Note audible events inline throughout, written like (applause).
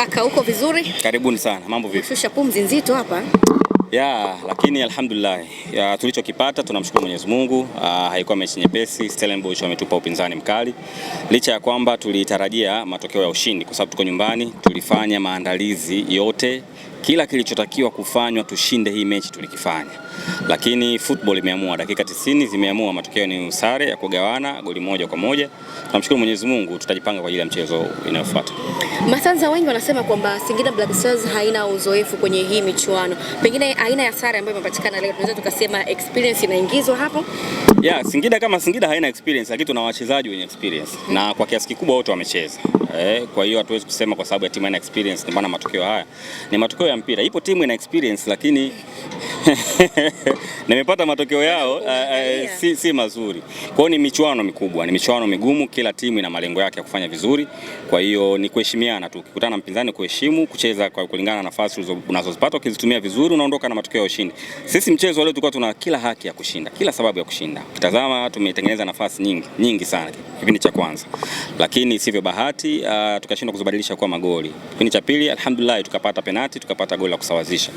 Kaka uko vizuri? Karibuni sana. Mambo vipi? Shusha pumzi nzito hapa ya lakini alhamdulillah tulichokipata tunamshukuru Mwenyezi Mungu. Ah, haikuwa mechi nyepesi. Stellenbosch wametupa upinzani mkali, licha ya kwamba tulitarajia matokeo ya ushindi, kwa sababu tuko nyumbani. Tulifanya maandalizi yote kila kilichotakiwa kufanywa tushinde hii mechi tulikifanya, lakini football imeamua, dakika 90 zimeamua, matokeo ni usare ya kugawana goli moja kwa moja. Tunamshukuru Mwenyezi Mungu, tutajipanga kwa ajili ya mchezo inayofuata. Masanza wengi wanasema kwamba Singida Black Stars haina uzoefu kwenye hii michuano, pengine aina ya sare ambayo imepatikana leo tunaweza tukasema experience inaingizwa hapo. Yeah, Singida kama Singida haina experience, lakini tuna wachezaji wenye experience na kwa kiasi kikubwa wote wamecheza eh, kwa hiyo hatuwezi kusema kwa sababu ya timu haina experience ndio maana matokeo haya ni matokeo ya mpira. Ipo timu ina experience, lakini (laughs) nimepata matokeo yao uh, uh, si, si mazuri. Kwa hiyo ni michuano mikubwa, ni michuano migumu, kila timu ina malengo yake ya kufanya vizuri. Kwa hiyo ni kuheshimiana tu, ukikutana na mpinzani kuheshimu, kucheza kwa kulingana na nafasi unazozipata, ukizitumia vizuri unaondoka na matokeo ya ushindi. Sisi mchezo leo tulikuwa tuna kila haki ya kushinda, kila sababu ya kushinda. Kitazama tumetengeneza nafasi nyingi nyingi sana kipindi cha kwanza, lakini sivyo bahati uh, tukashindwa kuzibadilisha kuwa magoli. Kipindi cha pili alhamdulillah, tukapata penati, tukapata goli la kusawazisha.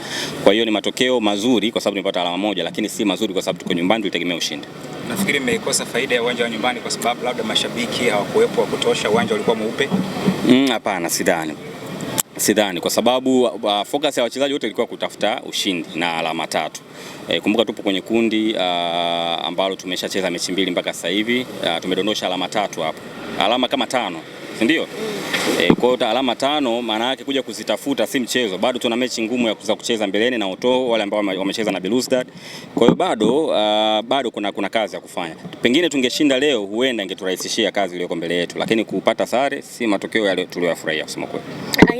Kwa hiyo ni matokeo mazuri mazuri kwa sababu tumepata alama moja, lakini si mazuri kwa sababu tuko nyumbani, tulitegemea ushindi. Nafikiri mmeikosa faida ya uwanja wa nyumbani kwa sababu labda mashabiki hawakuwepo wa kutosha, uwanja ulikuwa mweupe. Mm, hapana, mm, sidhani sidhani kwa sababu uh, focus ya wachezaji wote ilikuwa kutafuta ushindi na alama tatu. E, kumbuka tupo kwenye kundi uh, ambalo tumeshacheza mechi mbili mpaka sasa hivi uh, tumedondosha alama tatu hapo, alama kama tano si ndio? Eh, kwa hiyo alama tano maana yake kuja kuzitafuta si mchezo. Bado tuna mechi ngumu ya kuza kucheza mbeleni na Oto wale ambao wamecheza na Belouizdad. Kwa hiyo bado uh, bado kuna, kuna kazi ya kufanya. Pengine tungeshinda leo, huenda ingeturahisishia kazi iliyoko mbele yetu, lakini kupata sare si matokeo yale tuliyofurahia kusema kweli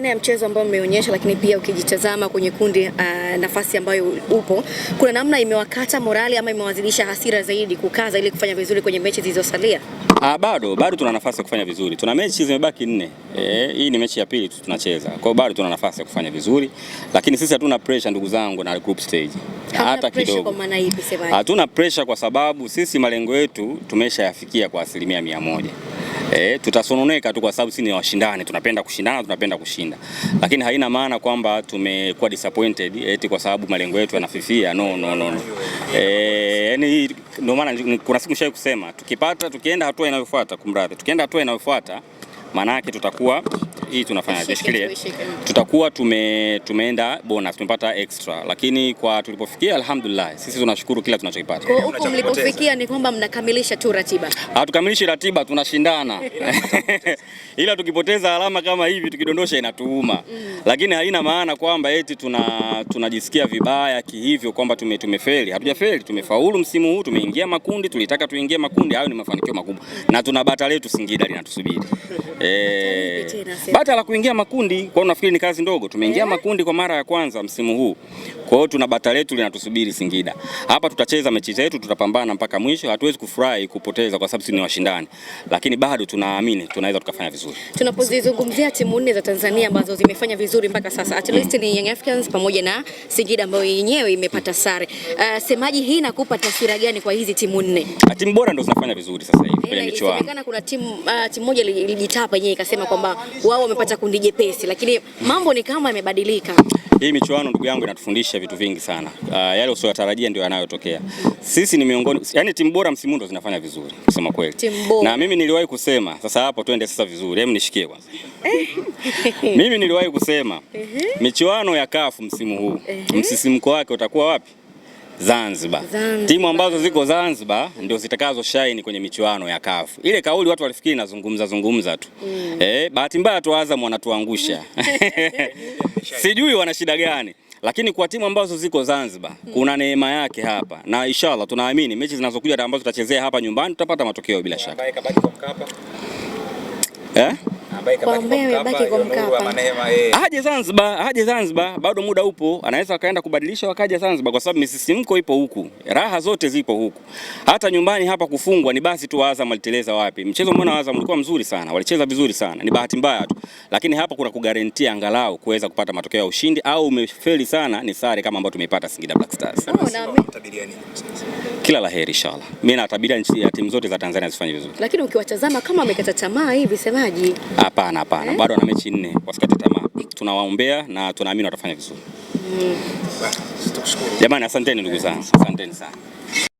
aina ya mchezo ambao mmeonyesha, lakini pia ukijitazama kwenye kundi uh, nafasi ambayo upo, kuna namna imewakata morali ama imewazidisha hasira zaidi kukaza ili kufanya vizuri kwenye mechi zilizosalia? Ah, bado bado tuna nafasi ya kufanya vizuri. Tuna mechi zimebaki nne. Eh, hii ni mechi ya pili tu tunacheza. Kwa hiyo bado tuna nafasi ya kufanya vizuri, lakini sisi hatuna pressure ndugu zangu na group stage hata kidogo. Kwa maana Hatuna pressure kwa sababu sisi malengo yetu tumeshayafikia kwa asilimia mia moja eh, tutasononeka tu kwa sababu sisi ni washindani, tunapenda kushindana, tunapenda kushinda, lakini haina maana kwamba tumekuwa disappointed eti kwa sababu malengo yetu yanafifia. No, no, no, no. Eh, yani ndio maana kuna siku nishawahi kusema tukipata, tukienda hatua inayofuata, kumradhi, tukienda hatua inayofuata maana yake tutakuwa hii tunafanya tumeshikilia, eh? tutakuwa tume, tumeenda bonus, tumepata extra, lakini kwa tulipofikia, alhamdulillah, sisi tunashukuru kila tunachokipata. Kwa huko mlipofikia ni kwamba mnakamilisha tu ratiba? Hatukamilishi ratiba, tunashindana (laughs) ila tukipoteza alama kama hivi tukidondosha inatuuma mm. Lakini haina maana kwamba eti tunajisikia vibaya kihivyo kwamba tume, tumefeli. Hatujafeli, tumefaulu msimu huu, tumeingia makundi, tulitaka tuingie makundi, hayo ni mafanikio makubwa na tuna bata letu Singida linatusubiri (laughs) eh, hata la kuingia makundi. Kwa unafikiri ni kazi ndogo, tumeingia yeah, makundi kwa mara ya kwanza msimu huu. Kwa hiyo tuna bata letu linatusubiri Singida. Hapa tutacheza mechi zetu, tutapambana mpaka mwisho. Hatuwezi kufurahi kupoteza kwa sababu sisi ni washindani, lakini bado tunaamini tunaweza tukafanya vizuri. Tunapozizungumzia timu nne za Tanzania ambazo zimefanya vizuri mpaka sasa, at least ni Young Africans pamoja na Singida ambayo yenyewe imepata sare. Uh, semaji hii inakupa taswira gani kwa hizi timu nne? Timu bora ndio zinafanya vizuri sasa hivi kwenye eh, michuano. Inaonekana kuna timu uh, timu moja ilijitapa yenyewe ikasema kwamba wao umepata kundi jepesi, lakini mambo ni kama yamebadilika. Hii michuano ndugu yangu inatufundisha vitu vingi sana. Uh, yale usiyotarajia ndio yanayotokea. Sisi ni miongoni, yani timu bora msimu ndo zinafanya vizuri kusema kweli, na mimi niliwahi kusema. Sasa hapo twende sasa vizuri, hebu nishikie kwanza. mimi niliwahi kusema michuano ya kafu msimu huu msisimko wake utakuwa wapi? Zanzibar. Zanzibar. Timu ambazo ziko Zanzibar ndio zitakazo shine kwenye michuano ya CAF. Ile kauli watu walifikiri nazungumza zungumza tu mm. Eh, bahati mbaya tu Azam wanatuangusha (laughs) sijui wana shida gani, lakini kwa timu ambazo ziko Zanzibar mm. kuna neema yake hapa, na inshallah tunaamini mechi zinazokuja ambazo tutachezea hapa nyumbani tutapata matokeo bila shaka. Eh? aje Zanzibar, aje Zanzibar, bado muda upo, anaweza akaenda kubadilisha wakaja Zanzibar, kwa sababu misisimko ipo huku, raha zote zipo huku. Hata nyumbani hapa kufungwa ni basi tu. Azam aliteleza wapi? Mchezo mbona Azam ulikuwa mzuri sana, walicheza vizuri sana, ni bahati mbaya tu, lakini hapa kuna kugarantia angalau kuweza kupata matokeo ya ushindi, au umefeli sana ni sare kama ambayo tumeipata Singida Black Stars. Kila la heri inshallah, mimi natabiria nchi ya timu zote za Tanzania zifanye vizuri, lakini ukiwatazama kama wamekata tamaa hivi semaji Ah, Hapana, hapana eh? Bado ana mechi nne, wasikate tamaa, tunawaombea na tunaamini watafanya vizuri mm. Jamani, asanteni ndugu zangu, asanteni sana.